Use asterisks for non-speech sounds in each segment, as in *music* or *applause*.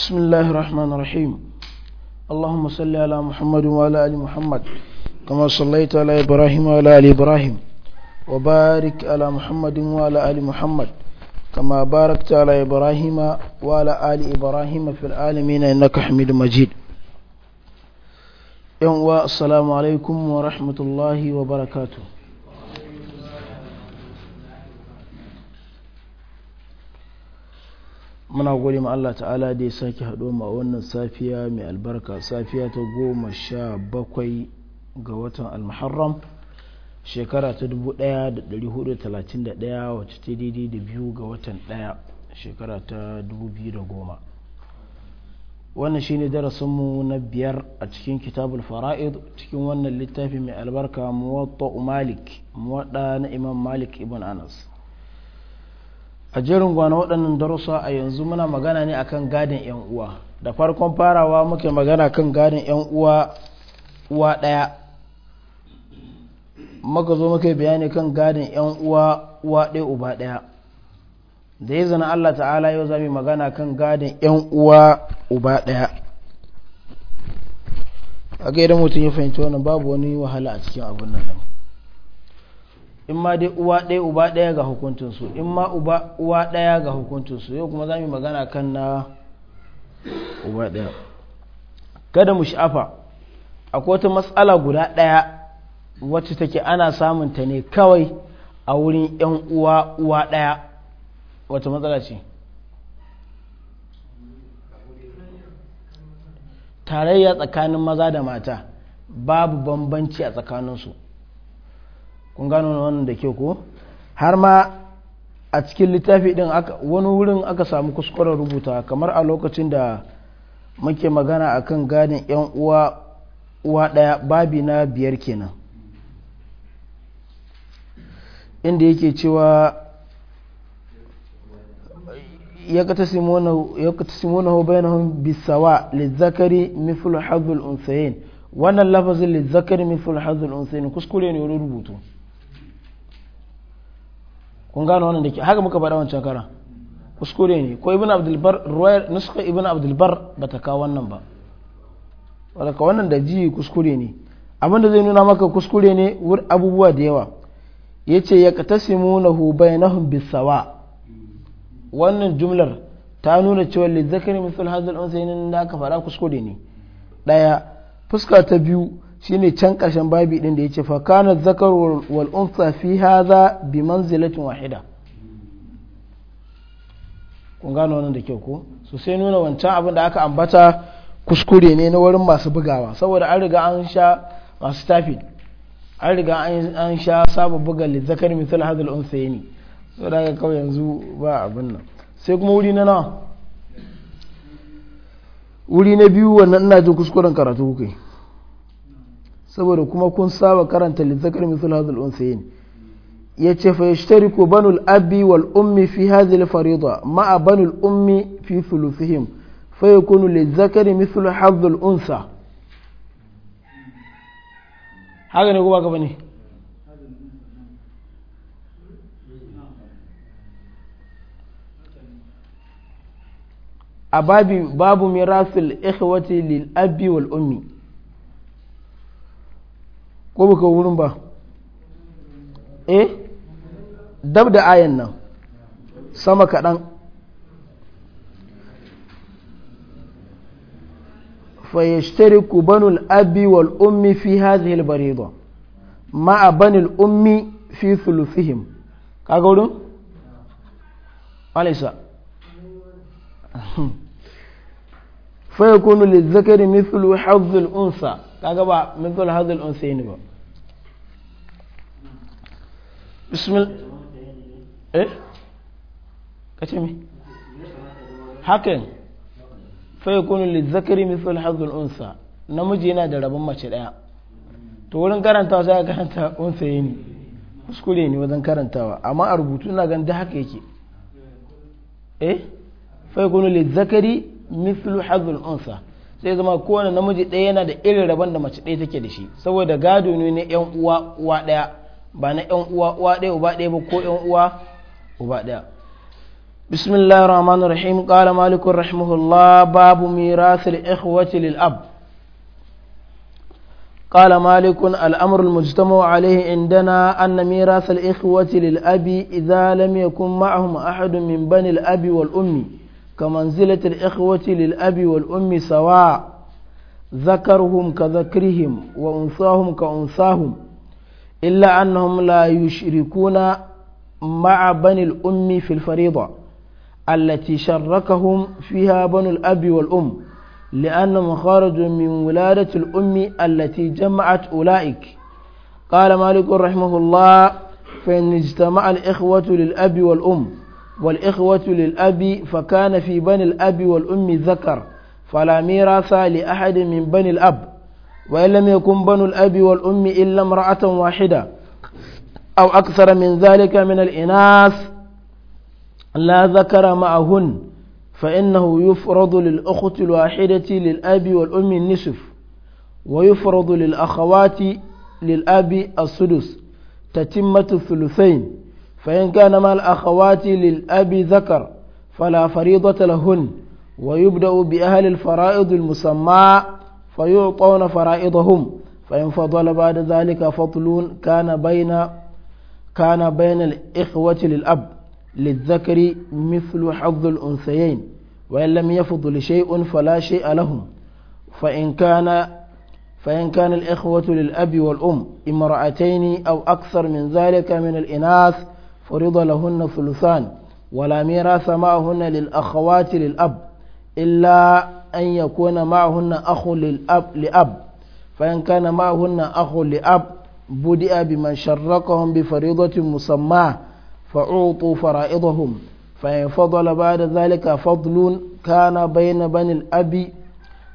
بسم الله الرحمن الرحيم اللهم صل على محمد وعلى آل محمد كما صليت على إبراهيم وعلى آل إبراهيم وبارك على محمد وعلى آل محمد كما باركت على إبراهيم وعلى آل إبراهيم في العالمين إنك حميد مجيد السلام عليكم ورحمة الله وبركاته muna gode ma Allah ta'ala da ya sake haɗo ma wannan safiya mai albarka safiya ta goma sha bakwai ga watan almuharram shekara ta dubu da da hudu talatin ɗaya wacce ta daidai da biyu ga watan ɗaya shekara ta dubu biyu da goma. wannan shi shine darasinmu na biyar a cikin kitabul fara'id cikin wannan littafi mai albarka muwatta malik muwadda na imam malik ibn anas a jerin gwana waɗannan darussa a yanzu muna magana ne akan gadin 'yan uwa da farkon farawa muke magana kan gadin 'yan uwa uwa ɗaya maka zo muke bayani kan gadin 'yan uwa uwa ɗaya uba ɗaya da ya zana Allah ta'ala yau zami magana kan gadin 'yan uwa uba ɗaya a ga idan mutum ya fahimci wannan babu wani wahala a cikin abin nan in ma dai uwa ɗaya uba ɗaya ga hukuncinsu in ma uwa ɗaya ga hukuncinsu yau kuma za mu yi magana kan na uba ɗaya kada mu sha'afa akwai wata matsala guda ɗaya wacce take ana samun ta ne kawai a wurin yan uwa uwa ɗaya wata matsala ce tarayya tsakanin maza da mata babu bambanci a tsakaninsu kun gano wannan da ke ko har ma a cikin littafi din wani wurin aka samu kuskuren rubuta kamar a lokacin da muke magana a kan ganin yan uwa uwa daya babi na biyar kenan inda yake cewa ya ka tasimuna hu hun bisawa lizzakari mithlu hazul unsayin wannan lafazin lizzakari mithlu hazul unsayin kuskure ne wani rubutu kun gano wannan da ke haka muka faɗa wancan kara kuskure ne ko ibn abdulbar ruwayar nuska ibn abdulbar ba ta kawo wannan ba wadda wannan da ji kuskure ne abinda zai nuna maka kuskure ne abubuwa da yawa ya ce ya katasimu na hubai na bisawa wannan jumlar ta nuna cewa lizakari misal hazal unsa yin da aka fara kuskure ne ɗaya fuska ta biyu shine can ƙarshen babi ɗin da ya ce fakana zakar wal unsa fi haza bi manzilatin wahida kun gano wannan da kyau ko so sai nuna wancan abin da aka ambata kuskure ne na wurin masu bugawa saboda an riga an sha masu tafi an riga an sha saba buga zakar misal hadal unsa yini so daga kawai yanzu ba abin nan sai kuma wuri na nawa wuri na biyu wannan ina jin kuskuren karatu kuke saboda kuma kun saba karanta lizzakar mithul hadhal unsayin yace fa ku banul abi wal ummi fi hadhihi al ma a banul ummi fi thuluthihim fa yakunu lizzakari mithlu hadhal unsa haka ne kuma gaba ne a babu mirasul ikhwati lil abi wal ummi ko baka wurin ba eh dab da ayan nan sama kaɗan ku banul abi wal ummi fi hadhihi al ma ma'a banil ummi fi thuluthihim kaga wurin alaisa *laughs* fa yakunu lizakari mithlu hadh al-unsa kaga ba mithlu hadh al-unsa ne ba bismillah eh kace me hakan fa yakunu lizakari mithlu hadh al-unsa namiji yana da rabon mace daya to wurin karantawa sai karanta unsa ne kuskure ne wajen karantawa amma a rubutu na gan da haka yake eh fa yakunu lizakari mithlu hazul unsa sai zama kowane namiji ɗaya yana da irin rabon da mace ɗaya take da shi saboda gado ne na yan uwa uwa ɗaya ba na yan uwa uwa ɗaya uba ɗaya ba ko yan uwa uba ɗaya بسم الله الرحمن الرحيم قال مالك رحمه الله باب ميراث الإخوة للأب قال مالك الأمر المجتمع عليه عندنا أن ميراث الإخوة للأب إذا لم يكن معهم أحد من بني الأب والأم كمنزلة الإخوة للأب والأم سواء ذكرهم كذكرهم وأنثاهم كأنثاهم إلا أنهم لا يشركون مع بني الأم في الفريضة التي شركهم فيها بنو الأب والأم لأنهم خرجوا من ولادة الأم التي جمعت أولئك قال مالك رحمه الله فإن اجتمع الإخوة للأب والأم والإخوة للأب فكان في بني الأب والأم ذكر فلا ميراث لأحد من بني الأب وإن لم يكن بنو الأب والأم إلا امرأة واحدة أو أكثر من ذلك من الإناث لا ذكر معهن فإنه يفرض للأخت الواحدة للأب والأم النصف ويفرض للأخوات للأب السدس تتمة الثلثين فإن كان مع الأخوات للأب ذكر فلا فريضة لهن ويبدأ بأهل الفرائض المسمى فيعطون فرائضهم فإن فضل بعد ذلك فضل كان بين كان بين الإخوة للأب للذكر مثل حظ الأنثيين وإن لم يفضل شيء فلا شيء لهم فإن كان فإن كان الإخوة للأب والأم امرأتين أو أكثر من ذلك من الإناث فرض لهن ثلثان ولا ميراث معهن للأخوات للأب إلا أن يكون معهن أخ للأب لأب فإن كان معهن أخ لأب بدأ بمن شركهم بفريضة مسماة فأعطوا فرائضهم فإن فضل بعد ذلك فضل كان بين بني الأب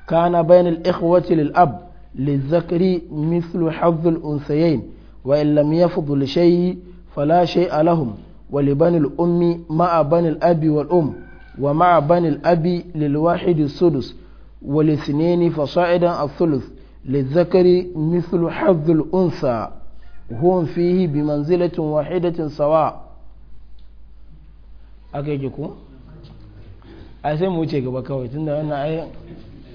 كان بين الإخوة للأب للذكر مثل حظ الأنثيين وإن لم يفضل شيء فلا شيء لهم ولبني الأم مع بني الأب والأم ومع بني الأب للواحد السدس وللاثنين فصاعدا الثلث للذكر مثل حظ الأنثى هم فيه بمنزلة واحدة سواء أكيدكم ai sai mu wuce gaba kawai tunda wannan ai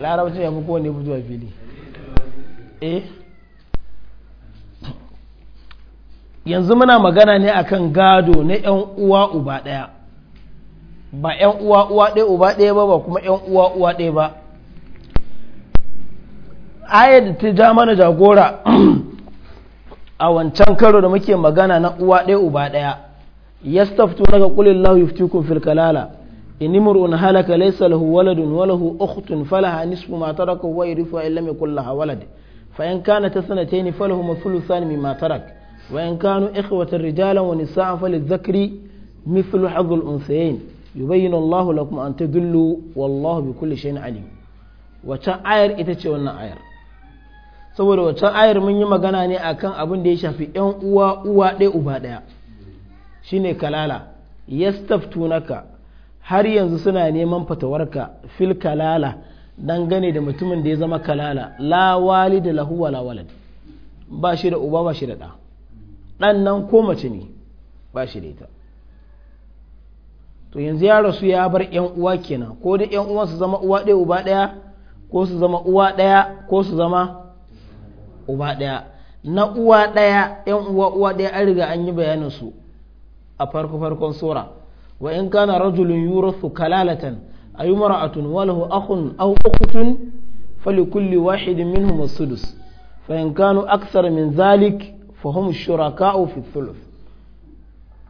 larabci ya fi kowane fito a fili eh yanzu muna magana ne akan gado na 'yan uwa uba ɗaya ba 'yan uwa uwa ɗaya uba ɗaya ba ba kuma 'yan uwa uwa ɗaya ba ayar da ta ja mana jagora *clears throat* a wancan karo da muke magana na uwa ɗaya uba ɗaya ga kulin lahu yufti kun filkalala in imrun halaka laisa lahu waladun walahu ukhtun falaha nisfu ma taraka wa yarithu in lam yakul walad fa in kanat sanatayn falahu thuluthani mimma taraka وإن كانوا إخوة رجالا ونساء فللذكر مثل حظ الأنثيين يبين الله لكم أن تدلوا والله بكل شيء عليم ita ce wannan ayar saboda wata ayar mun yi magana ne akan abin da ya shafi yan uwa uwa ɗaya uba ɗaya shine kalala tunaka har yanzu suna neman fatawarka fil kalala dangane da mutumin da ya zama kalala la walida lahu wala walad ba shi da uba ba shi da ɗa ɗan nan ko mace ne ba shi da ita to yanzu ya rasu ya bar yan uwa kenan ko da yan uwan su zama uwa ɗaya uba ɗaya ko su zama uwa ɗaya ko su zama uba ɗaya na uwa ɗaya yan uwa uwa ɗaya an riga an yi bayanin su a farko farkon sura wa in kana rajulun yurathu kalalatan ayu mar'atun wa lahu akhun aw ukhtun falikulli wahidin minhum as-sudus fa in kanu akthar min zalik fahim shuraka'u fi thuluth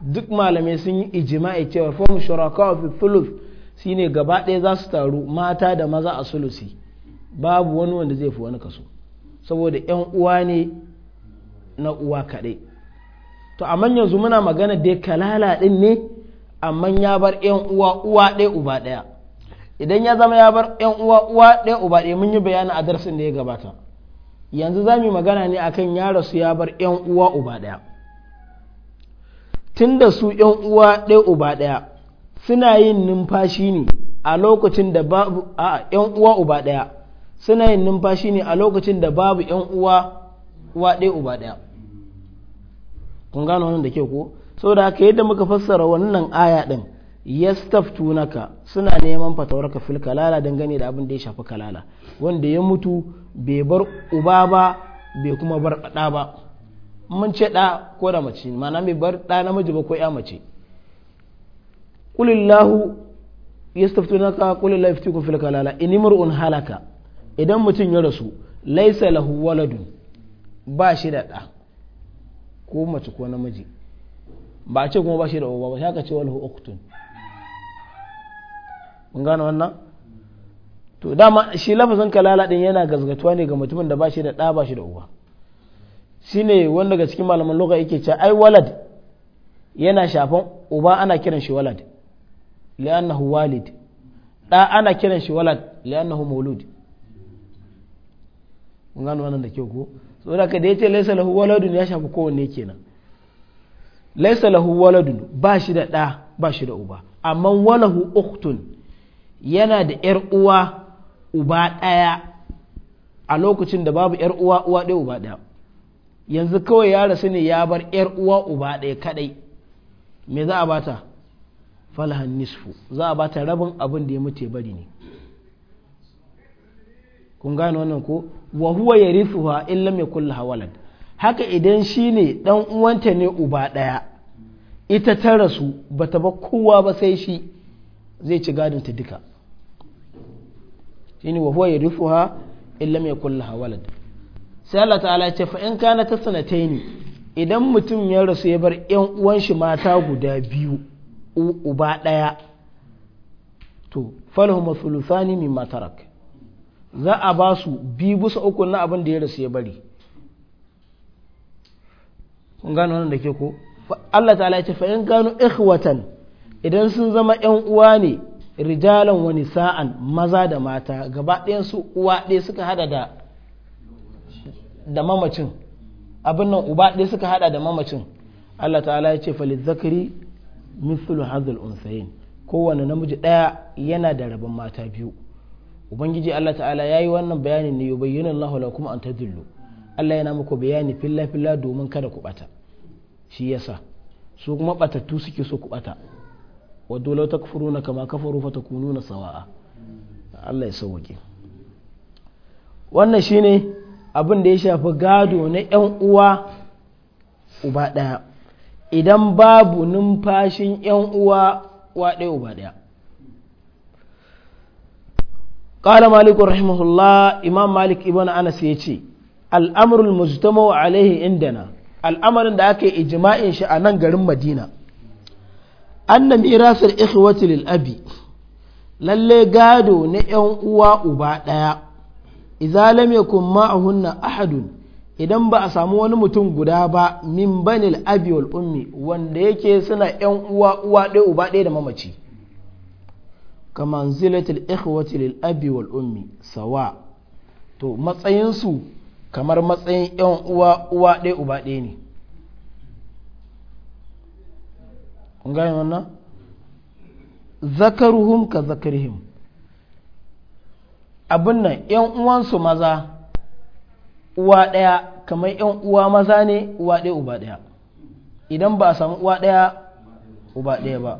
duk malamai sun yi ijima'i cewa fahim shuraka'u fi thuluth shine gaba ɗaya za su taru mata da maza a sulusi babu wani wanda zai fi wani kaso saboda yan uwa ne na uwa kaɗai to amma yanzu muna magana dai kalala ɗin ne amma ya bar yan uwa uwa ɗaya uba ɗaya idan ya zama ya bar yan uwa uwa ɗaya uba ɗaya mun yi bayani a darasin da ya gabata yanzu za mu magana ne akan yara su ya bar yan uwa uba ɗaya tun da su yan uwa ɗaya uba ɗaya suna yin numfashi ne a lokacin da babu a yan uwa uba ɗaya suna yin numfashi ne a lokacin da babu yan uwa uwa ɗaya uba ɗaya kun gano wannan da ke ko saboda haka yadda muka fassara wannan aya ɗin naka suna neman fatawarka fil kalala dangane da abin da ya shafi kalala wanda ya mutu bai bar uba ba bai kuma bar ɗa ba mun ce ɗa ko da mace ma'ana mai bar ɗa namiji ba ko ya mace kulillahu yastaftunaka kulillahu yaftikum fil kalala in imrun halaka idan mutum ya rasu laisa lahu waladun ba shi da ɗa ko mace ko namiji ba ce kuma ba shi da uba ba shi aka ce walahu uktun mun gane wannan to dama shi lafazin kalala din yana gazgatuwa ne ga mutumin da ba shi da ɗa ba shi da uba shine wanda daga cikin malaman loka yake cewa ai walad yana shafan uba ana kiran shi walad li'annahu walid da ana kiran shi walad li'annahu maulud mun gano wannan da kyau ko saboda ka da yace laysa lahu waladun ya shafi kowanne kenan laysa lahu waladun ba shi da da ba shi da uba amma walahu ukhtun yana da ‘yar uwa uba ɗaya a lokacin da babu ‘yar uwa uwa ɗaya uba ɗaya yanzu kawai ya rasu ne ya bar ‘yar uwa uba ɗaya kaɗai me za a bata falahan nisfu za a bata rabin abin da ya mutu ya bari ne kun gane wannan ko wa huwa yarithuha in lam yakul laha haka idan shi ne dan uwanta ne uba ɗaya ita ta rasu ba ta ba kowa ba sai shi zai ci gadin ta duka shine wa huwa yarithuha illam yakul laha walad sai Allah ta'ala ya ce fa in kana ta sanataini idan mutum ya rasu ya bar yan uwan shi mata guda biyu uba daya to falahu thuluthani mimma tarak za a ba su bi bisa uku na abin da ya rasu ya bari kun gano wannan da ke ko Allah ta'ala ya ce fa in gano ikhwatan idan sun zama ‘yan uwa ne rijalan wani sa'an maza da mata gaba ɗayan su uwa ɗaya suka hada da mamacin abin nan uba ɗaya suka hada da mamacin Allah ta'ala ya ce falit zakari mislu hadhal unsayin kowane namiji ɗaya yana da rabon mata biyu ubangiji Allah ta'ala ya yi wannan bayanin ne yubayyana Allah kuma an tadullu Allah yana muku bayani filla filla domin kada ku bata shi yasa su kuma batattu suke so ku bata wato lau na kama kafaru fatakununa sawa'a Allah ya sauke wannan shine abin da ya shafi gado na 'yan uwa uba ɗaya idan babu numfashin 'yan uwa wa ɗaya uba ɗaya ƙala maliku rahimahullah imam malik ibn anas ya ce al'amurul mujtama wa alaihi indana al'amarin da aka yi ijima'in shi a nan garin madina anna mirasul ikhwati lil abi lalle gado na yan uwa uba daya idza lam yakun ma'ahunna ahadun idan ba a samu wani mutum guda ba min banil abi wal ummi wanda yake suna yan uwa uwa ɗaya uba ɗaya da mamaci kaman zilatul ikhwati lil abi wal ummi sawa to matsayinsu kamar matsayin yan uwa uwa ɗaya uba ɗaya ne kun gane wannan zakaruhum ka zakarihim abin nan ‘yan uwansu maza uwa ɗaya kamar ‘yan uwa maza ne uwa ɗaya uba ɗaya idan ba a samu uwa ɗaya uba ɗaya ba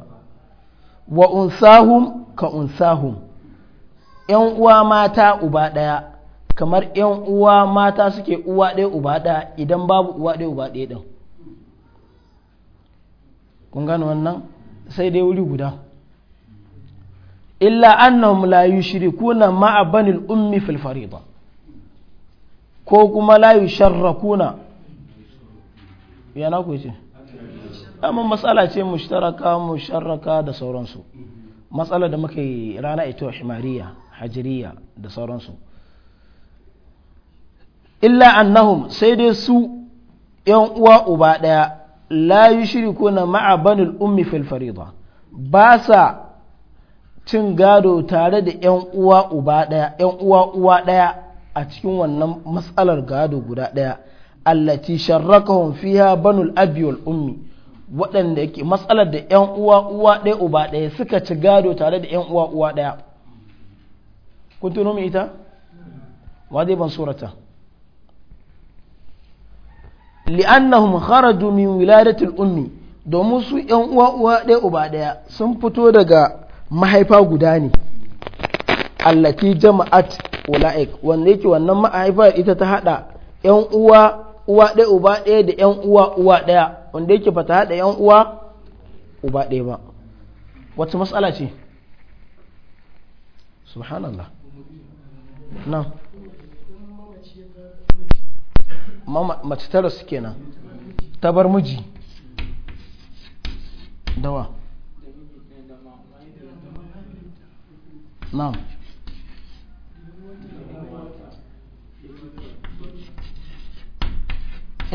wa unsahum ka unsahum ‘yan uwa mata uba ɗaya kamar ‘yan uwa mata suke uwa ɗaya uba ɗaya idan babu uwa ɗaya uba ɗaya ɗin kun gano wannan sai dai wuri guda illa annahum la yushrikuna ma'a al ummi fil fariḍa ko kuma la yusharrakuna yana ku ce amma matsala ce mushtaraka musharraka da sauransu matsala da muka yi rana ito himariya hajiriya da sauransu illa annahum sai dai su yan uwa uba daya la yushrikuna ma'a banil ummi filfarida ba sa cin gado tare da yan uwa uba daya yan uwa uwa daya a cikin wannan matsalar gado guda daya allati sharrakahum fiha banul abi wal ummi waɗanda yake matsalar da yan uwa uwa daya uba daya suka ci gado tare da yan uwa uwa daya kun tuno ita wa ban surata li'annahum kharaju min wiladatul ummi domin su yan uwa uwa ɗaya uba ɗaya sun fito daga mahaifa guda ne allati jama'at ula'ik wanda yake wannan mahaifa ita ta hada yan uwa uwa ɗaya uba ɗaya da yan uwa uwa ɗaya wanda yake ba ta hada yan uwa uba ɗaya ba wata matsala ce subhanallah na no. mace ta rasu kenan ta bar miji dawa na'am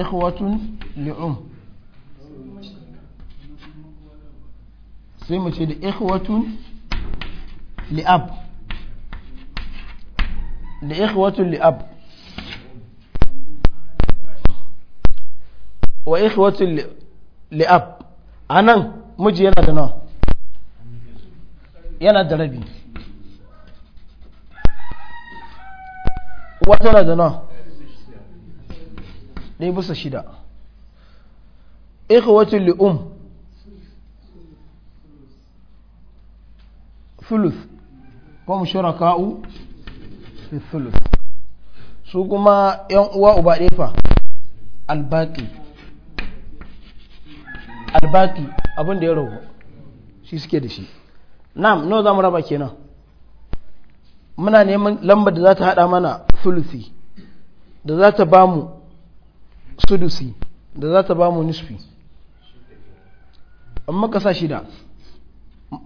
ikhwatun li'um sai mu ce da ikhwatun li'ab da ikhwatun li'ab wa ikhwatul li'ab anan miji yana da nawa yana da rabi uwa tana da nawa ne bisa shida ikhwatul li'um thuluth kuma shuraka'u fi thuluth su kuma yan uwa uba ɗefa albaki albaki abin da ya ragu shi suke da shi nam no za mu raba kenan muna neman lambar da za ta haɗa mana thuluthi da za ta ba mu sudusi da za ta ba mu nisfi amma sa shida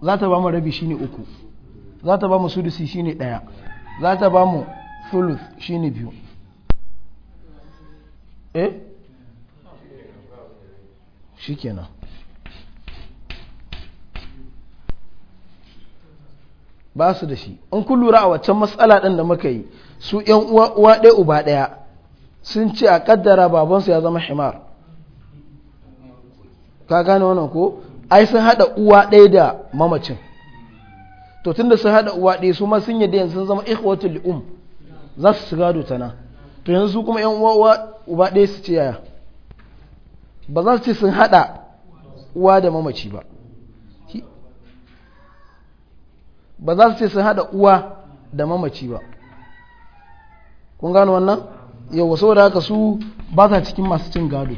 za ta ba mu rabi shine uku za ta ba mu sudusi shine ɗaya za ta ba mu shi shine biyu eh shikenan ba su da shi in kun lura a waccan matsala ɗin da muka yi su ‘yan uwa ɗaya uba ɗaya sun ce a ƙaddara babansu ya zama himar ka gane wannan ko ai sun haɗa uwa ɗaya da mamacin to tunda sun haɗa uwa ɗaya su ma sun yadda yanzu sun zama ikhwatul um za su shiga ta nan to yanzu su kuma ‘yan uwa uba ɗaya su ce yaya ba za su ce sun haɗa uwa da mamaci ba ba za su ce sun haɗa uwa da mamaci ba kun gano wannan yau saboda haka su ba sa cikin masu cin gado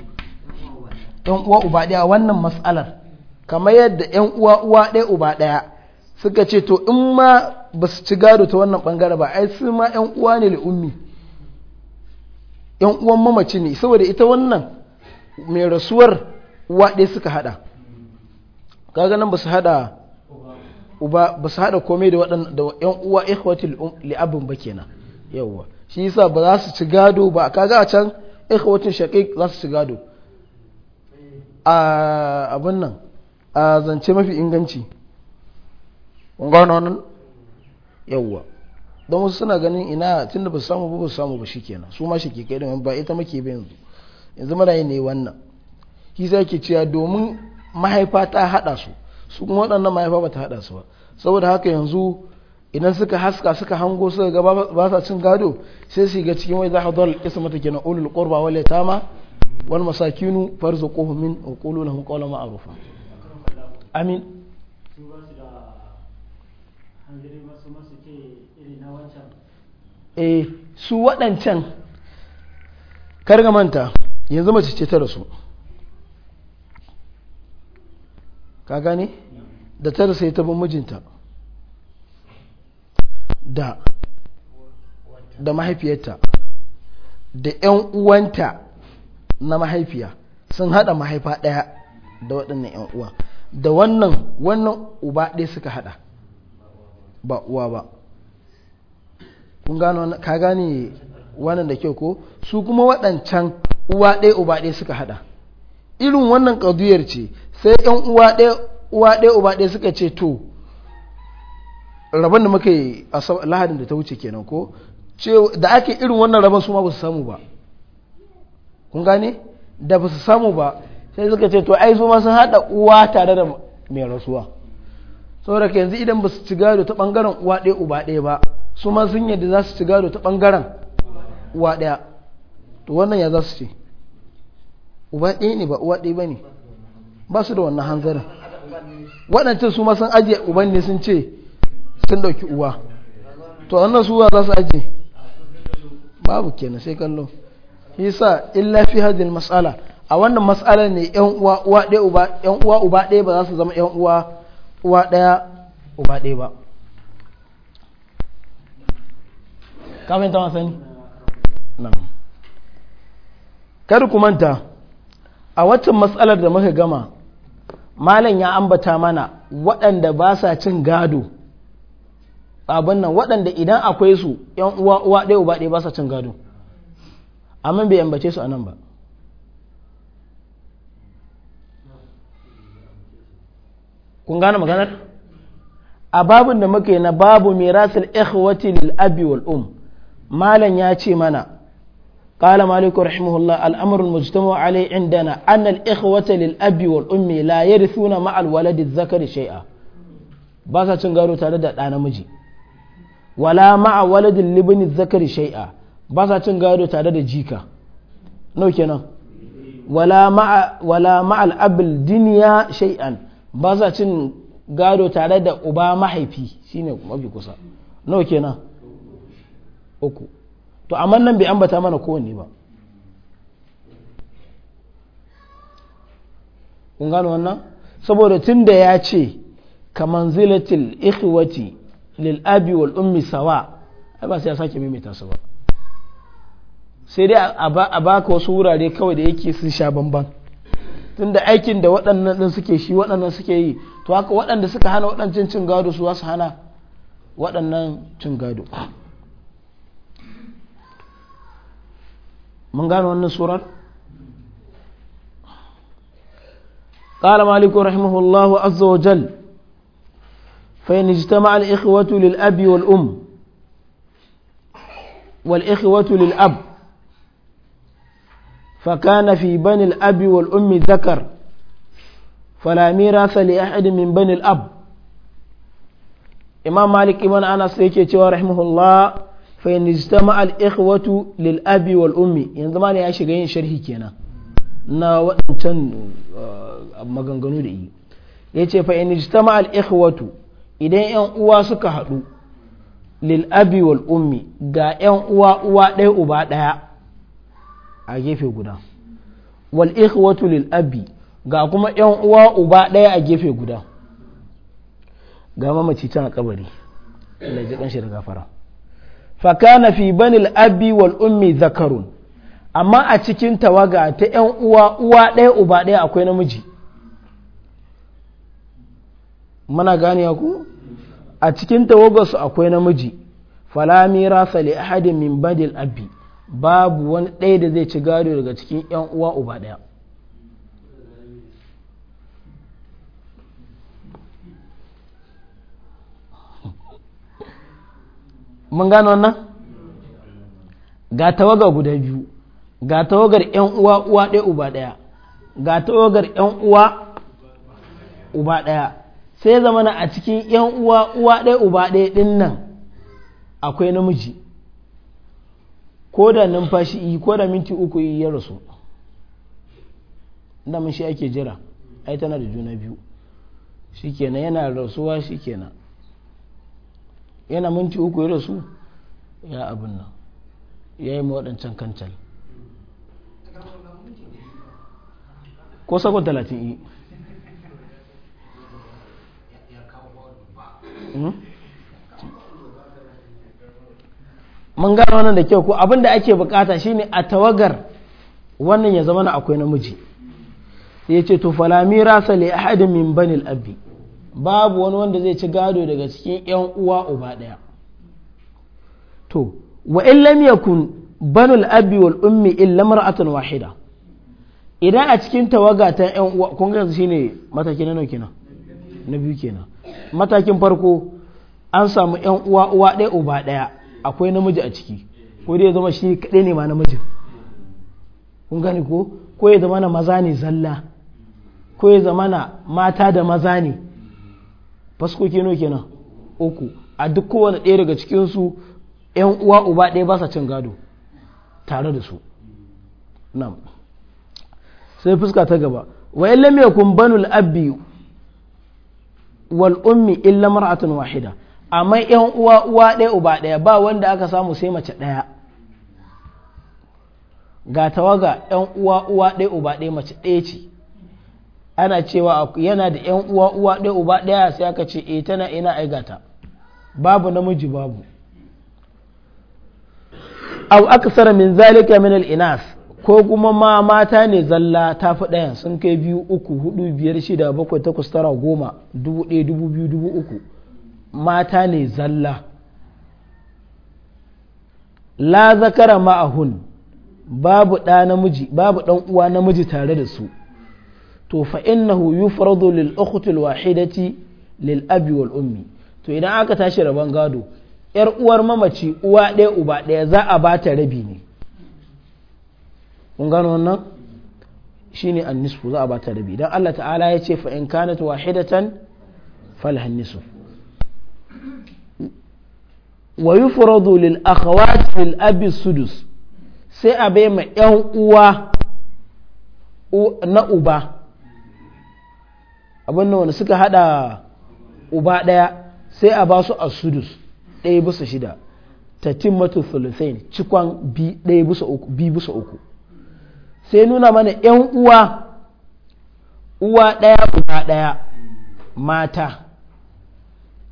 yan uwa uba ɗaya wannan matsalar kamar yadda yan uwa uwa ɗaya uba ɗaya suka ce to in ma ba su ci gado ta wannan bangare ba ai su ma yan uwa ne ummi. yan uwan mamaci ne saboda ita wannan mai rasuwar uwa ɗaya suka haɗa kaga nan ba su haɗa uba ba su haɗa komai da waɗanda da ƴan uwa ikhwatul um, li'abin ba kenan yawwa shi yasa ba za su ci gado ba kaga a can ikhwatul shaqiq za su ci gado a abun nan a zance mafi inganci kun gano wannan yawwa don wasu suna ganin ina tunda ba su samu ba ba su samu ba shi kenan su ma shakikai din ba ita muke ba yanzu yanzu muna yin ne wannan shi yasa yake cewa domin mahaifa ta haɗa su su kuma waɗannan mahaifa ba ta haɗa su ba saboda haka yanzu idan suka haska suka hango suka ga ba sa cin gado sai su ga cikin wai za a dole kisa mata kenan ulul qurba wal yatama wal masakinu farzuquhum min wa qulu lahum qawlan ma'rufa amin eh su waɗancan karga manta yanzu mace ce ta rasu ka gane da ta rasa ita mijinta da da mahaifiyarta da 'yan uwanta na mahaifiya sun hada mahaifa daya da waɗannan 'yan uwa da wannan wannan uba ɗaya suka hada ba uwa ba kun gano ka gane wannan da kyau ko su kuma waɗancan uwa ɗaya uba ɗaya suka hada irin wannan ƙaduyar ce sai yan uwa ɗaya uwa ɗaya uba ɗaya suka ce to rabon da muka yi a lahadin da ta wuce kenan ko da ake irin wannan rabon su ma ba su samu ba kun gane da ba su samu ba sai suka ce to ai su ma sun haɗa uwa tare da mai rasuwa saboda yanzu idan ba su ci gado ta ɓangaren uwa ɗaya uba ɗaya ba su ma sun yadda za su ci gado ta ɓangaren uwa ɗaya to wannan ya za su ce uba ɗaya ne ba uwa ɗaya ba ne ba su da wannan hanzarin waɗancan su ma sun ajiye uban ne sun ce sun ɗauki uwa to wannan suwa za su ajiye babu kenan sai kallo sa illa fi hadhihi matsala a wannan matsala ne yan uwa uwa ɗaya uba yan uwa uba ɗaya ba za su zama yan uwa uwa ɗaya uba ɗaya ba ka ta wasan sani kar ku manta a watan matsalar da muka gama malam ya ambata mana waɗanda ba sa cin gado abin nan waɗanda idan akwai su yan uwa uwa ɗaya uba ɗaya ba sa cin gado amma bai ambace su a nan ba kun gane maganar a babin da muke na babu mirasul ikhwati lil abi wal um malam ya ce mana قال مالك رحمه الله الأمر المجتمع عليه عندنا أن الإخوة للأب والأم لا يرثون مع الولد الذكر شيئا باسا تنغارو تارد أنا مجي ولا مع ولد الابن الذكر شيئا باسا تنغارو تارد جيكا نو كنا ولا مع ولا مع الأب الدنيا شيئا باسا تنغارو تارد أبا محيبي شيني مبي كسا نو كنا أكو to amma nan bai ambata mana kowanne ba kun gano wannan saboda tun da ya ce kaman zilatil ikhwati lil abi wal ummi sawa ai ba sai ya sake maimaita su ba sai dai a baka wasu wurare kawai da yake sun sha bamban tun da aikin da waɗannan ɗin suke shi waɗannan suke yi to haka waɗanda suka hana waɗancan cin gado su wasu hana waɗannan cin gado mun gano wannan surar قال مالك رحمه الله عز وجل فإن اجتمع الإخوة للأب والأم والإخوة للأب فكان في بني الأب والأم ذكر فلا ميراث لأحد من بني الأب إمام مالك ابن أنس يكي رحمه الله fa in istama al ikhwatu lil abi wal ummi yanzu ma ne ya shiga yin sharhi kenan na waɗancan uh, maganganu da yi yace fa in istama al ikhwatu idan yan uwa suka haɗu lil abi wal ummi ga yan uwa uwa ɗaya uba ɗaya a gefe guda wal ikhwatu lil abi ga kuma yan uwa uba ɗaya a gefe guda ga mamaci can a kabari Allah ji kanshi da gafara fakana fi banil abi wal ummi zakarun amma a cikin tawaga ta ‘yan uwa uwa ɗaya uba ɗaya akwai namiji mana gane ku a cikin su akwai namiji fala rasa li ahadin min badil abi babu wani ɗaya da zai ci gado daga cikin ‘yan uwa uba ɗaya mun gano wannan ga tawaga guda biyu ga tawagar yan uwa uwa ɗaya uba ɗaya ga tawagar yan uwa uba ɗaya sai ya zama a cikin yan uwa uwa ɗaya uba ɗaya ɗin nan akwai namiji ko da numfashi yi ko da minti uku yi ya rasu da mun shi ake jira ai tana da juna biyu shikenan yana rasuwa shikenan yana minti uku ya rasu ya abin nan ya yi waɗancan kancal ko sakon talatin yi hmm? mun gano wannan da kyau ko abin da ake bukata shine a tawagar wannan ya zama na akwai namiji sai ya ce to fala mirasa li ahadin min banil abi babu wani wanda zai ci gado daga cikin ‘yan uwa uba ɗaya to wa in lam yakun banul abi wal ummi illa mar'atun wahida idan a cikin tawaga ta ‘yan uwa kun ga shine mataki na nauki na na biyu kenan matakin farko an samu ‘yan uwa uwa ɗaya uba ɗaya akwai namiji a ciki ko dai ya zama shi kaɗai ne ma namiji kun gani ko ko ya zama na maza ne zalla ko ya zama na mata da maza ne fasko nawa kenan uku a duk kowane ɗaya daga cikinsu ‘yan uwa uba ɗaya ba sa cin gado tare da su nan sai fuska ta gaba wa lam yakun banul abi wal ummi illa mar'atun wahida amma ‘yan uwa uwa ɗaya uba ɗaya ba wanda aka samu sai mace ɗaya ga tawaga ‘yan uwa uwa ɗaya uba ɗaya mace ɗaya ce ana cewa yana da yan uwa uwa ɗaya uba ɗaya sai aka ce e tana ina aigata babu namiji babu aka aksara min zalika min al-inas ko kuma ma mata ne zalla ta fi ɗayan sun kai biyu uku hudu biyar shida bakwai takwas tara goma dubu ɗaya dubu biyu dubu uku mata ne zalla la zakara ma'ahun babu ɗa namiji babu ɗan uwa namiji tare da su to fa innahu yufradu lil ukhti al wahidati lil abi wal ummi to idan aka tashi rabon gado yar uwar mamaci uwa ɗaya uba ɗaya za a ba ta rabi ne kun gano wannan shine an nisfu za a ba ta rabi dan Allah ta'ala ya ce fa in kanat wahidatan fal nisfu wa yufradu lil akhawati lil abi sudus sai a bai ma yan uwa na uba abin wanda suka hada uba daya sai a basu su sudus ɗaya bisa shida tatimmatu filifin cikon bi ɗaya bisa uku bi bisa uku sai nuna mana yan uwa uwa ɗaya uba ɗaya mata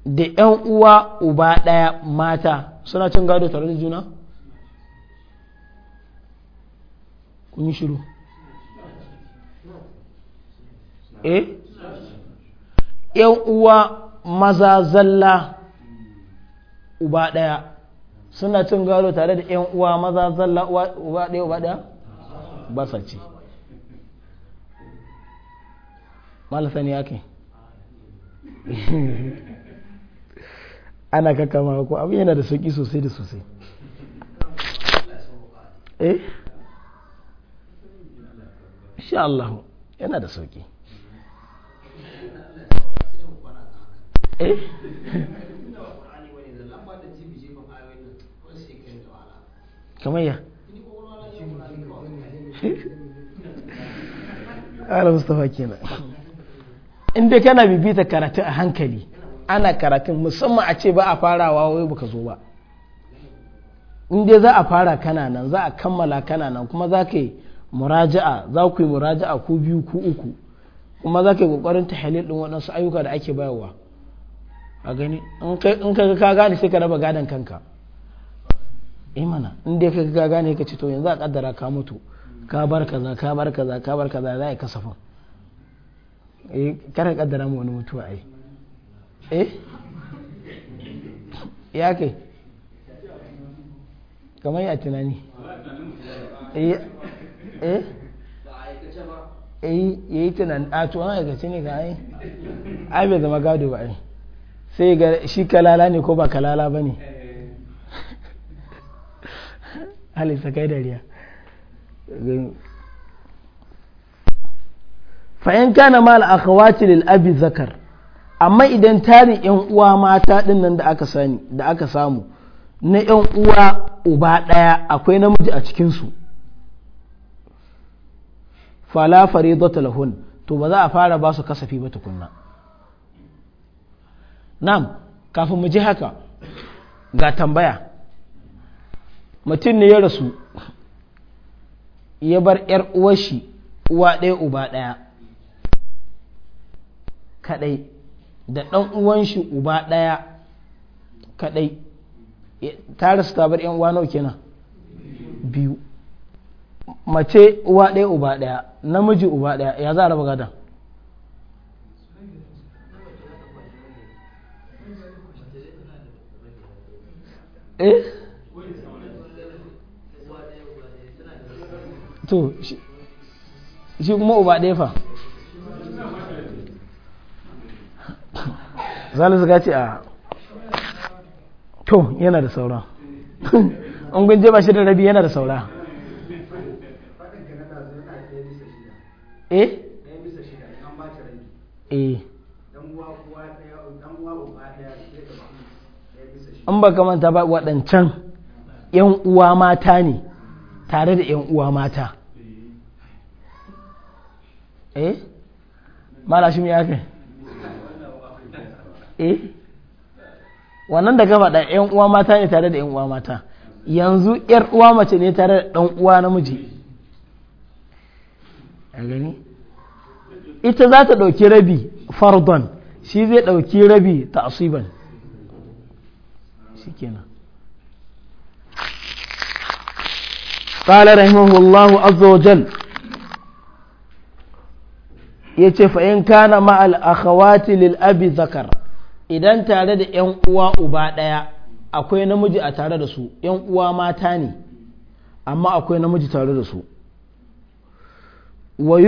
da yan uwa uba ɗaya mata suna cin gado tare da juna kun shiru eh 'yan uwa maza zalla uba ɗaya suna cin gado tare da 'yan uwa maza zalla uba ɗaya uba ɗaya ba sa ce malasani ake *laughs* ana kakama ko abin yana da sauki sosai da sosai eh insha Allah yana da sauki eh kamar ya ala mustafa kenan in dai kana bibita karatu a hankali ana karatun musamman a ce ba a farawa wai baka zo ba in dai za a fara kana nan za a kammala kana nan kuma za ka yi muraja'a za ku yi muraja'a ko biyu ko uku kuma za ka yi kokarin tahalil din waɗansu ayyuka da ake bayarwa a gani in ka ka gane sai ka raba gadon kanka imana eh in dai ka ka gane ka ce to yanzu a kaddara ka mutu ka bar kaza ka bar kaza ka bar kaza za a yi kasafin eh kar ka kaddara mu wani mutuwa ai eh ya kai kamar ya tunani eh eh, eh ya yi tunan a to an aikace ne ka ai ai bai zama gado ba ai sai ga shi kalala ne ko ba kalala ba ne *laughs* alisa kai dariya fa'in kana mal akhawati lil abi zakar amma idan tarin yan uwa mata din nan da aka samu na yan uwa uba daya akwai namiji a cikin su fala faridatu lahun to ba za a fara ba su kasafi ba tukunna nam kafin mu ji haka ga tambaya mutum ne ya rasu ya bar ‘yar uwashi uwa ɗaya uba ɗaya kaɗai da ɗan uwanshi uba ɗaya kaɗai ta rasu ta bar ‘yan uwa nau kenan biyu mace uwa ɗaya uba ɗaya namiji uba ɗaya ya za a raba gadon Eh? to shi kuma uba ɗaya fa salisu ka ce a to yana da saura an gunje ba shi da rabi yana da saura eh eh an ba manta ba waɗancan ‘yan uwa mata ne tare da ‘yan uwa mata eh malashim ya kai eh wannan da gaba da ‘yan uwa mata ne tare da ‘yan uwa mata yanzu ‘yar uwa mace ne tare da ɗan uwa namiji gani ita za ta ɗauki rabi fardon shi zai ɗauki rabi ta asiban shikenan قال رحمه الله عز وجل yace fa in kana ma al akhawati lil abi zakar idan tare da yan uwa uba daya akwai namiji a tare da su yan uwa mata ne amma akwai namiji tare da su wa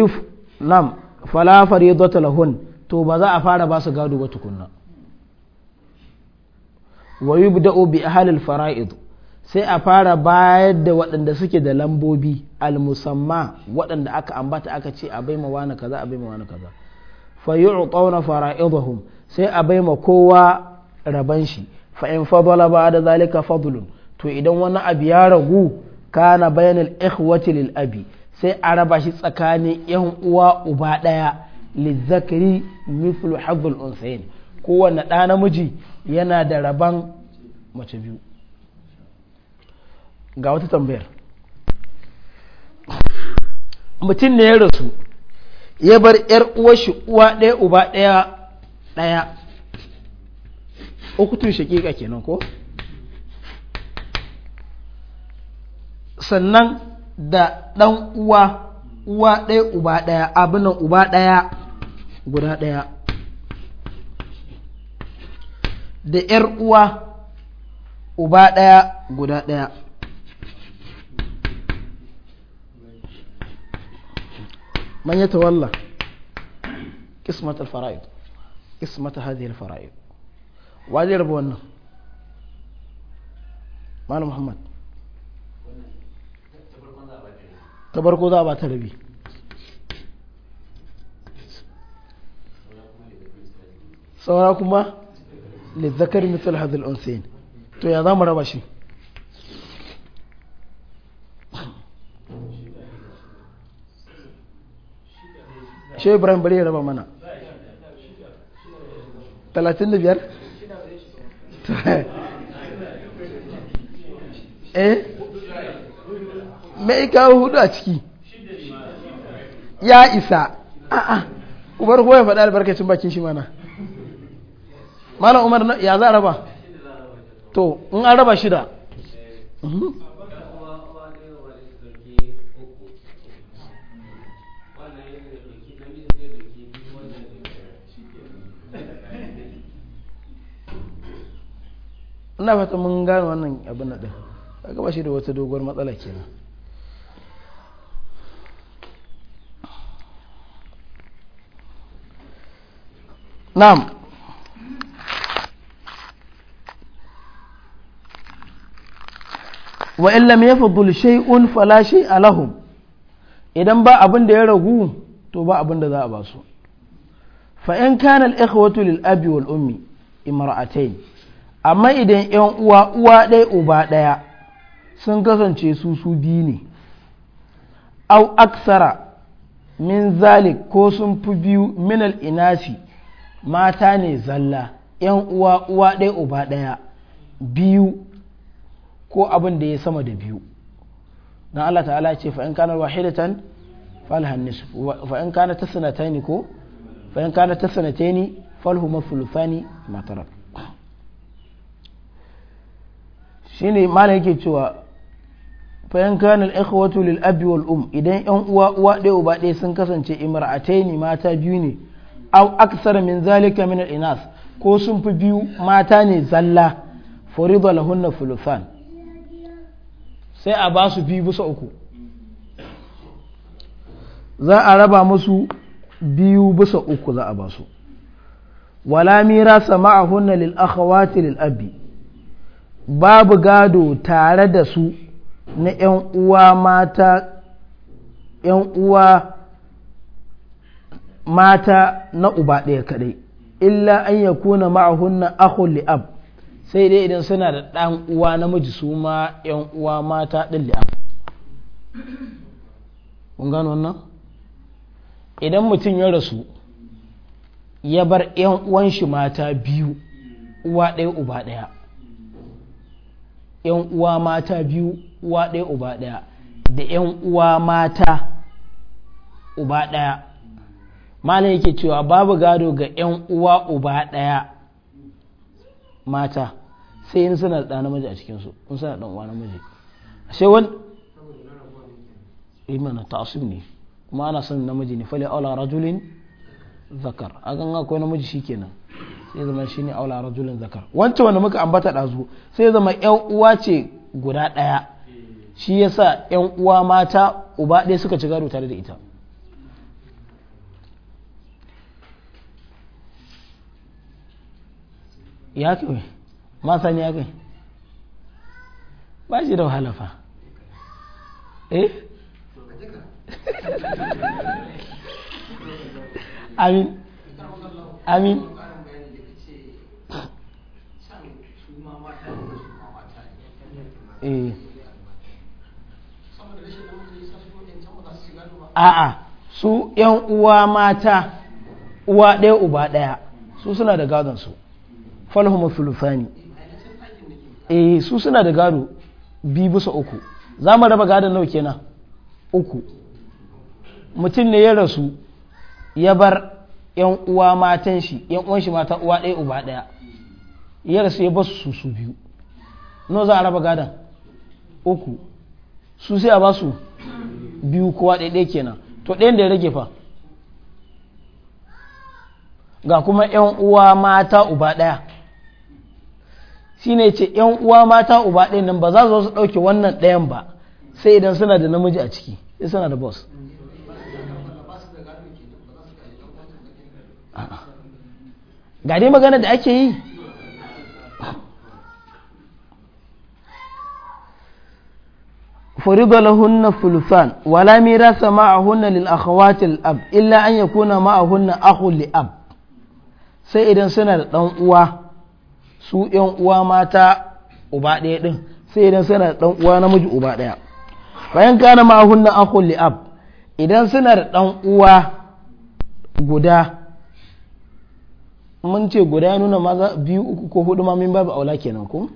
nam fala fariyatu lahun to ba za a fara ba su gado ba tukunna wa yubda'u bi ahlil fara'id sai a fara bayar da waɗanda suke da lambobi al-musamma waɗanda aka ambata aka ce a baima wani kaza a baima wani kaza fa yu'tawna fara'idahum sai a baima kowa raban shi fa in fadala ba da zalika fadlun to idan wani abu ya ragu kana bainal ikhwati lil abi sai a raba shi tsakanin yan uwa uba daya lizakari mithlu hadhul unsayn kowanne ɗa namiji yana da rabon mace biyu ga wata tambayar mutum ne ya rasu ya bar yar uwashi uwa ɗaya uba ɗaya ɗaya ukutun shakika kenan ko sannan da ɗan uwa uwa ɗaya uba ɗaya abinan uba ɗaya guda ɗaya da ‘yar uwa uba ɗaya guda ɗaya man ya walla, ƙismat al-fara'id ƙismat hadhihi al-fara'id wa zai rabu wannan malam muhammad ta barko za a ba ta rabi saura kuma للذكر مثل هذا الأنثيين to ya za mu raba shi shi ibrahim bari ya raba mana 35 eh mai kawo hudu a ciki ya a'a ubar kuwa ya faɗa albarkacin bakin shi mana malam umar ya za a to in an raba shida mhm. ina fata mun gane wannan abin na ɗin a gaba shi da wata doguwar matsala kenan na'am wa illa ya yafdul shay'un fala shay'a lahum idan ba abin da ya ragu to ba abin da za a ba su fa in kana al ikhwatu lil abi wal ummi imra'atayn amma idan yan uwa uwa ɗaya uba daya sun kasance su su biyu ne au aksara min zalik ko sun fi biyu minal inasi mata ne zalla yan uwa uwa ɗaya uba daya biyu ko abin da ya sama da biyu dan Allah ta'ala ce fa in kana wahidatan falhan nisf fa in kana tasnatani ko fa in kana tasnatani falhuma thuluthani ma tarak shine malai yake cewa fa in kana al ikhwatu lil abi wal um idan yan uwa uwa ɗaya uba ɗaya sun kasance imra'ataini mata biyu ne aw aksar min zalika min al inas ko sun fi biyu mata ne zalla furida lahunna thuluthan sai a ba su biyu bisa uku za a raba musu biyu bisa uku za a ba su wala mirasa ma'ahunna lil akhawati lil abi babu gado tare da su na yan uwa mata yan uwa mata na uba ɗaya kaɗai, illa an yakuna ma'ahunna akhul li ab sai dai idan suna da ɗan uwa namiji su ma ‘yan uwa mata ɗin li'am kun gano wannan idan mutum ya rasu ya bar ‘yan uwan shi mata biyu uwa ɗaya uba ɗaya ‘yan uwa mata biyu uwa ɗaya uba ɗaya da ‘yan uwa mata uba ɗaya malam yake cewa babu gado ga ‘yan uwa uba ɗaya mata sai in suna da namiji a cikin su in suna da uwa namiji ashe wani imana eh ta'asib ne kuma ana son namiji ne fali aula rajulin zakar a gan akwai namiji shi kenan sai zama shi ne aula rajulin zakar wancan wanda muka ambata dazu sai zama yan uwa ce guda daya shi yasa yan uwa mata uba ɗaya suka ci gado tare da ita ya kai ma sani ya kai ba shi da wahala fa eh *laughs* amin amin eh a'a su yan uwa mata uwa ɗaya uba ɗaya su suna da gadon su falhumu sulufani eh su suna da gado bi bisa uku za mu raba gadon nawa kenan uku mutum ne ya rasu ya bar yan uwa matan shi yan uwan shi mata uwa ɗaya uba ɗaya ya rasu ya basu su su biyu nawa za a raba gadon uku su sai a basu biyu kowa ɗaya ɗaya kenan to ɗayan da ya rage fa ga kuma yan uwa mata uba ɗaya shine ce yan uwa mata uba ɗayan nan ba za su su ɗauke wannan ɗayan ba sai idan suna da namiji a ciki sai suna da boss ga dai magana da ake yi فرض لهن an ولا ميراث معهن للأخوات الأب إلا أن يكون معهن أخ لأب da سنة uwa. su yan uwa mata uba ɗaya ɗin sai idan suna da ɗan uwa namiji uba ɗaya bayan kana ma'ahun na akhun li'ab idan suna da ɗan uwa guda mun ce guda ya nuna maza biyu uku ko hudu ma min babu aula kenan ku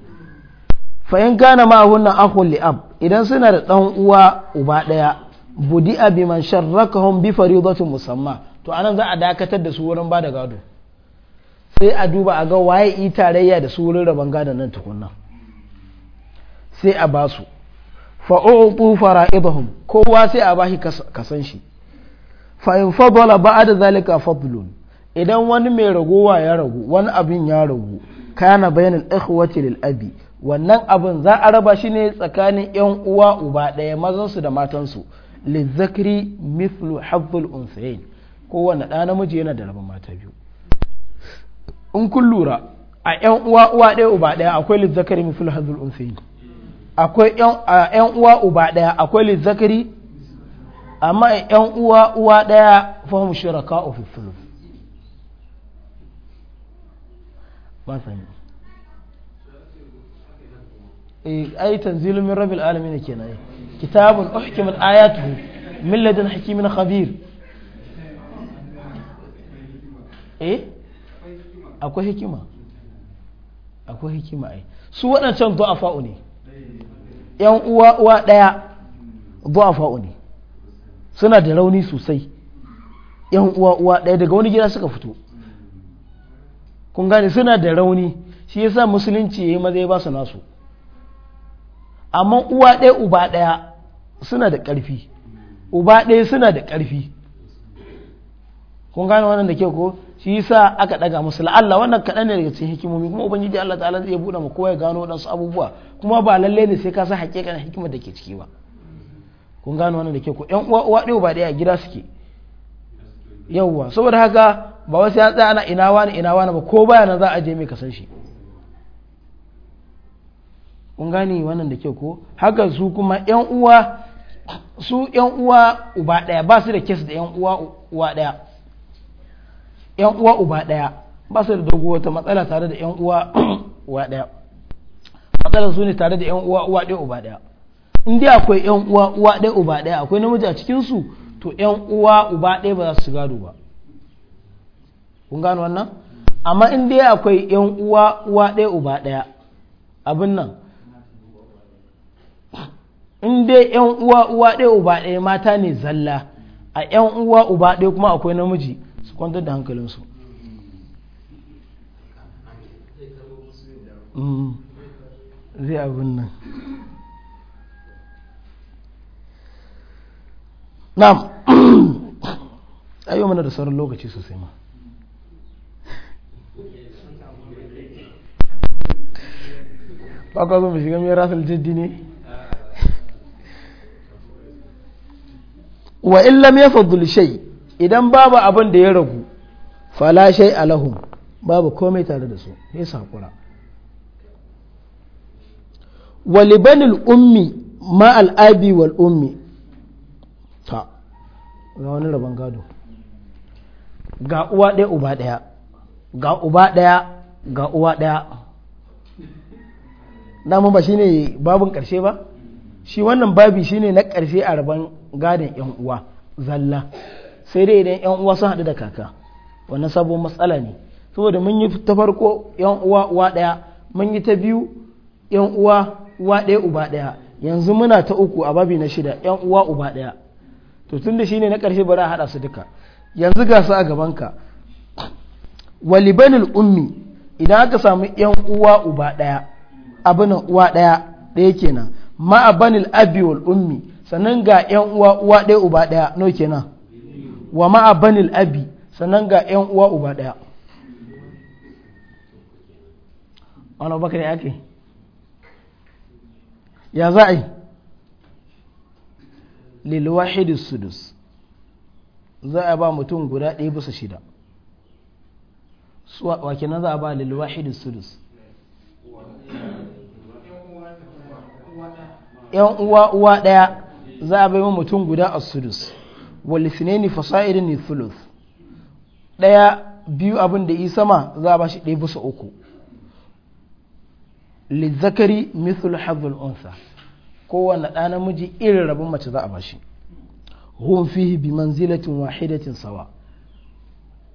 fa'in kana ma'ahun na akhun li'ab idan suna da ɗan uwa uba ɗaya budi'a biman sharrakahum bi faridatin musamma to anan za a dakatar da su wurin ba da gado sai a duba a ga waye yi tarayya da su wurin rabon gadon nan tukunna sai a basu fa'u'tu fara'idahum kowa sai a bashi kasan shi fa'in fadola fadala da zalika fadlun idan wani mai ragowa ya ragu wani abin ya ragu kana bayanin ikhwati lil abi wannan abin za a raba shi ne tsakanin yan uwa uba ɗaya mazan su da matan su lizakri mithlu hadhul unsayin kowanne ɗa namiji yana da rabon mata biyu in kun lura a yan uwa uwa ɗaya uba ɗaya akwai lizzakari mithlu hadhul unsayin akwai yan uwa uba ɗaya akwai lizzakari amma a yan uwa uwa ɗaya fahim shiraka shuraka fi thuluth ba sani eh ai tanzilu min rabbil alamin kenan kitabun uhkimat ayatuhu min ladin hakimin khabir eh akwai hikima akwai hikima ai su waɗancan du'afa'u ne yan uwa uwa ɗaya du'afa'u ne suna da rauni sosai yan uwa uwa ɗaya daga wani gida suka fito kun gane suna da rauni shi yasa musulunci yayi maza ya ba su nasu amma uwa ɗaya uba ɗaya suna da ƙarfi uba ɗaya suna da ƙarfi kun gane wannan da ke ko shi yasa aka daga musu la'alla wannan kaɗan ne daga cikin hikimomi kuma ubangiji Allah ta'ala zai buɗe ma kowa ya gano wadansu abubuwa kuma ba lalle ne sai ka san hakikanin hikimar da ke ciki ba kun gane wannan da ke ko ƴan uwa uwa ba ɗaya a gida suke yawwa saboda haka ba wasu ya tsaya ana ina wani ina wani ba ko baya nan za a je mai san shi kun gane wannan da ke ko haka su kuma ƴan uwa su ƴan uwa uba ɗaya ba su da kes da ƴan uwa uwa ɗaya yan uwa uba daya ba su da dogo wata matsala tare da yan uwa *clears throat* uwa daya matsala su ne tare da yan uwa uwa daya uba daya in dai akwai yan uwa uwa daya uba daya akwai namiji a cikin su to yan uwa uba daya ba za su gado ba kun gano wannan amma in dai akwai yan uwa uwa daya uba daya abin nan in dai yan uwa uwa daya uba daya mata ne zalla a yan uwa uba daya kuma akwai namiji kwantar da hankalinsu mm. zai abin nan na'am *coughs* ayyau mana da sauran lokaci sosai ma ba ka zo mu shiga mai rasul jaddi ne wa illam yafdul shay idan babu abin da ya ragu fala alahum babu komai tare da su ne sakura walibanil ummi ma al'abi wal ummi ta ga wani rabon gado ga uwa ɗaya uba ɗaya ga uba ɗaya ga uwa ɗaya namun ba shine babin ƙarshe ba shi wannan babi shine na ƙarshe a rabon gadon 'yan uwa zalla sai dai idan yan uwa sun haɗu da kaka wannan sabon matsala ne saboda mun yi ta farko yan uwa uwa ɗaya mun yi ta biyu yan uwa uwa ɗaya uba ɗaya yanzu muna ta uku a babi na shida yan uwa uba ɗaya to tun da shine na ƙarshe bari a haɗa su duka yanzu ga su a gabanka walibanil ummi idan aka samu yan uwa uba ɗaya abin uwa ɗaya ɗaya kenan ma abanil abi wal ummi sannan ga yan uwa uwa ɗaya uba ɗaya no kenan wa ma'a banil abi sannan ga yan uwa uba daya wani bakar ya ake ya za a yi lilwahidus sudus za a ba mutum guda ɗaya bisa shida wake na za a ba lilwahidus sudus yan uwa uwa ɗaya za a bai mutum guda a sudus walisinaini fasa'irin ne thuluth ɗaya biyu abin da yi sama za a ba shi ɗaya bisa uku lizzakari mithul hazul unsa kowane ɗa namiji irin rabin mace za a ba shi hum fihi bi manzilatin wahidatin sawa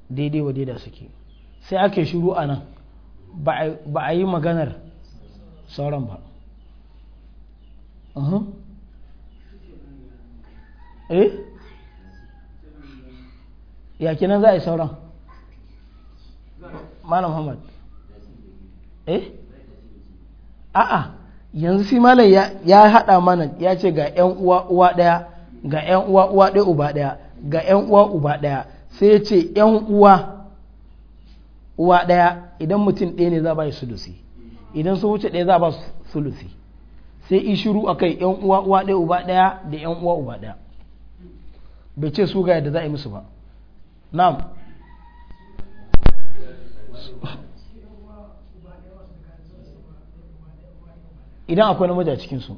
daidai wa daidai suke sai ake shiru a nan ba a yi maganar sauran ba eh ya kenan za a yi sauran malam muhammad eh a'a yanzu sai malam ya hada mana ya ce ga 'yan uwa uwa daya ga 'yan uwa uwa daya uba daya ga 'yan uwa uba daya sai ya ce 'yan uwa uwa daya idan mutum ɗaya ne za ba bayi sulusi idan sun wuce ɗaya za a ba su sulusi sai in shiru a kai 'yan uwa uwa ɗaya uba ɗaya da 'yan uwa uba ɗaya bai ce su ga yadda za a yi musu ba na'am idan akwai namiji a cikinsu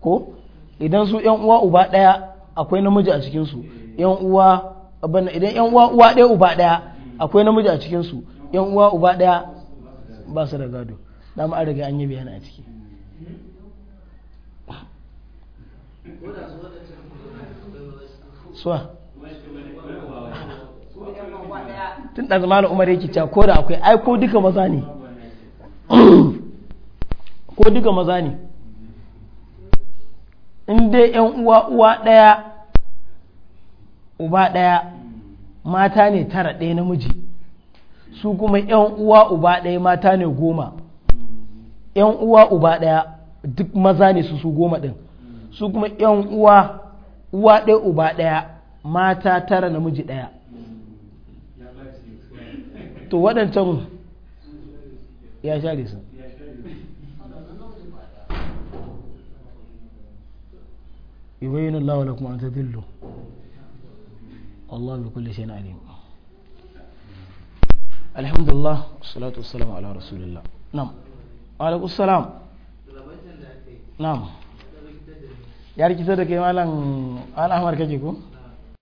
ko idan su yan uwa uba ɗaya akwai namiji a cikinsu yan uwa idan yan uwa uwa ɗaya uba ɗaya akwai namiji a cikinsu yan uwa uba ɗaya ba su da gado dama an riga an yi bayani a ciki suwa tun da zamanin umar yake cewa ko da akwai ai ko duka maza ne *clears throat* ko duka maza ne in dai yan uwa uwa ɗaya uba ɗaya mata ne tara ɗaya namiji su kuma yan uwa uba ɗaya mata ne goma yan uwa uba ɗaya duk maza ne su su goma ɗin su kuma yan uwa uwa ɗaya uba ɗaya mata tara namiji ɗaya to waɗancan ya share su iwayin allawa da kuma an tafillo allah bi kulle shi na neman alhamdulillah salatu wassalamu ala rasulullah nam salam nam ya rikitar da kake ko?